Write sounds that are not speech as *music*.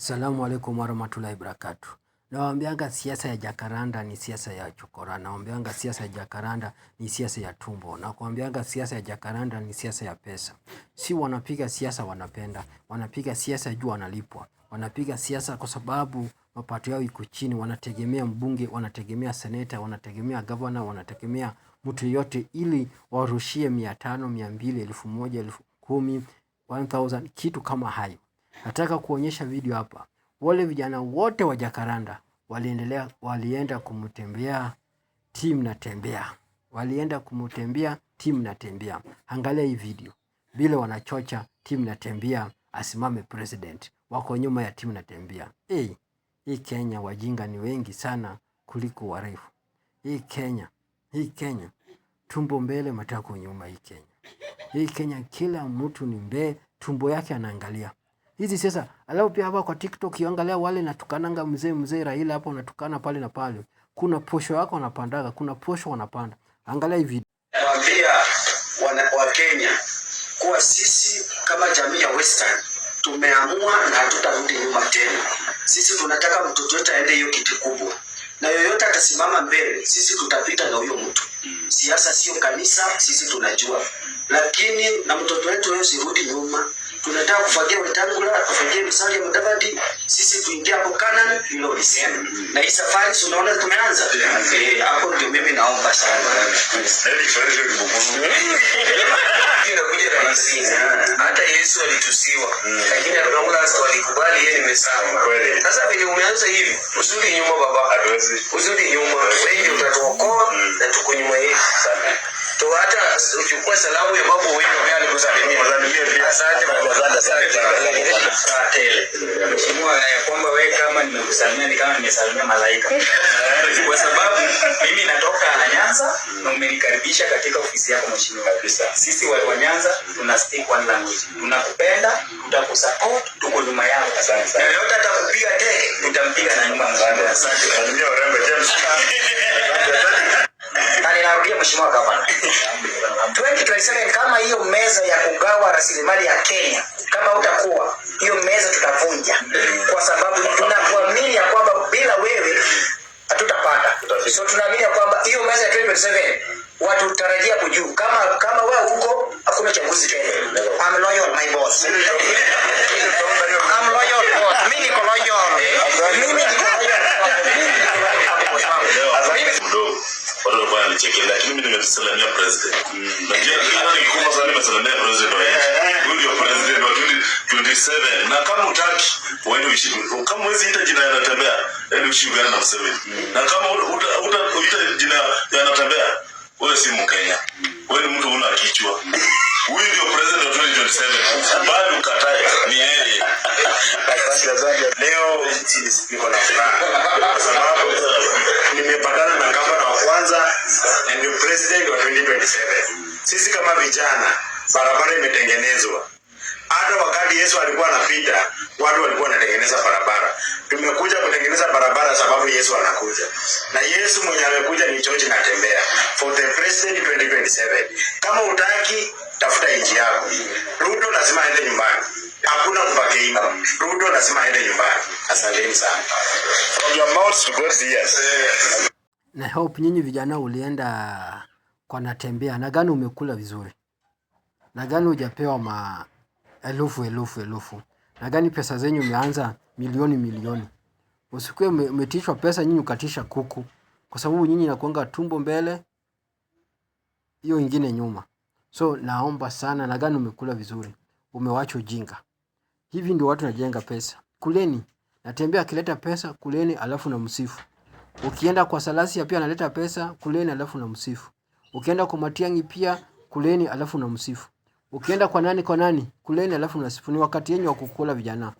salamu alaikum warahmatullahi wabarakatuh. nawambianga siasa ya jakaranda ni siasa ya chokora. Nawaambianga siasa ya jakaranda ni siasa ya tumbo. Nakuambianga siasa ya jakaranda ni siasa ya pesa. Si wanapiga siasa wanapenda, wanapiga siasa juu wanalipwa, wanapiga siasa kwa sababu mapato yao iko chini, wanategemea mbunge, wanategemea seneta, wanategemea gavana, wanategemea mtu yote ili warushie mia tano, mia mbili, elfu moja, elfu kumi, 1000 kitu kama hayo. Nataka kuonyesha video hapa. Wale vijana wote wa Jakaranda waliendelea walienda kumtembea timu na tembea, walienda kumtembea timu na tembea. Angalia hii video vile wanachocha timu na tembea asimame president, wako nyuma ya timu na natembea. Hey, hii Kenya wajinga ni wengi sana kuliko warefu. Hii Kenya, hii Kenya tumbo mbele matako nyuma. Hii Kenya, hii Kenya kila mtu ni mbee, tumbo yake anaangalia hizi sasa. Alafu pia hapa kwa TikTok ukiangalia wale natukananga mzee mzee Raila hapo natukana pale na pale. Kuna posho yako wanapandaga, kuna posho wanapanda. Angalia hii video. Nawaambia wa Kenya kuwa sisi kama jamii ya Western tumeamua na hatutarudi nyuma tena. Sisi tunataka mtoto wetu aende hiyo kiti kubwa. Na yoyote atasimama mbele, sisi tutapita na huyo mtu. Siasa sio kanisa, sisi tunajua lakini na mtoto wetu wewe usirudi nyuma. Tunataka kufagia wetangula, kufagia misali ya mudavadi, sisi tuingia hapo Kanani hilo lisema. Na hii safari si unaona tumeanza. Eh, hapo ndio mimi naomba sana. Hata Yesu alitusiwa, lakini tunaona sasa walikubali yeye nimesawa. Sasa vile umeanza hivi, usudi nyuma baba, usudi nyuma. Wewe Uchukue salamu ya babu wenu pia alikusalimia. Asante baba, asante Asante. Mheshimiwa, ya eh, kwamba wewe kama nimekusalimia ni kama nimesalimia malaika. Eh, kwa sababu mimi natoka Nyanza na umenikaribisha katika ofisi yako mheshimiwa kabisa. Sisi wa Nyanza tuna stick one language. Tunakupenda, tutakusupport, tuko nyuma yako. Asante sana. Yeyote atakupiga teke, tutampiga na nyuma mzani. Asante. Salimia warembo James. *laughs* Narudia mheshimiwa gavana. *laughs* Jerusalem, kama hiyo meza ya kugawa rasilimali ya Kenya, kama utakuwa hiyo meza tutavunja, kwa sababu tunakuamini ya kwamba bila wewe hatutapata. So tunaamini ya kwamba hiyo meza ya 2027 watu utarajia kujua kama kama wewe huko, hakuna chaguzi tena. I'm loyal my boss, *laughs* I'm loyal boss, mimi niko loyal mimi cheki, lakini mimi nimesalamia president. Mm. Najua hata kikubwa sana nimesalamia president wa nchi. Eh, eh. Huyu ndio president wa 27 na kama utaki wewe uishi kama wezi ita jina yanatembea, yani ushugana na Museveni. Mm. Na kama uta uta jina yanatembea, wewe si Mkenya. Wewe ni mtu una kichwa. Mm. Huyu ndio sila zangu leo, ni niko na furaha kwa sababu nimepatana na gavana wa kwanza na ndio president wa 2027. Sisi kama vijana, barabara imetengenezwa. Hata wakati Yesu alikuwa anapita, watu walikuwa wanatengeneza barabara. Tumekuja kutengeneza barabara sababu Yesu anakuja, na Yesu mwenye amekuja ni George natembea for the president 2027. Kama utaki tafuta inji yako, Ruto lazima aende nyumbani. Ruto aende nyumbani. Asanteni sana. From your mouth to God's ears. Na hope nyinyi vijana ulienda kwa natembea na gani umekula vizuri? Na gani hujapewa ma elufu elufu elufu? Na gani pesa zenyu umeanza milioni milioni? Usikue umetishwa pesa nyinyi ukatisha kuku kwa sababu nyinyi inakuanga tumbo mbele hiyo ingine nyuma. So naomba sana, na gani umekula vizuri? Umewacha ujinga. Hivi ndio watu wanajenga pesa. Kuleni natembea akileta pesa, Kuleni alafu na msifu. Ukienda kwa Salasia pia analeta pesa, Kuleni alafu na msifu. Ukienda kwa Matiangi pia Kuleni alafu na msifu. Ukienda kwa nani kwa nani, Kuleni alafu na msifu. Ni wakati yenyu wa kukula vijana.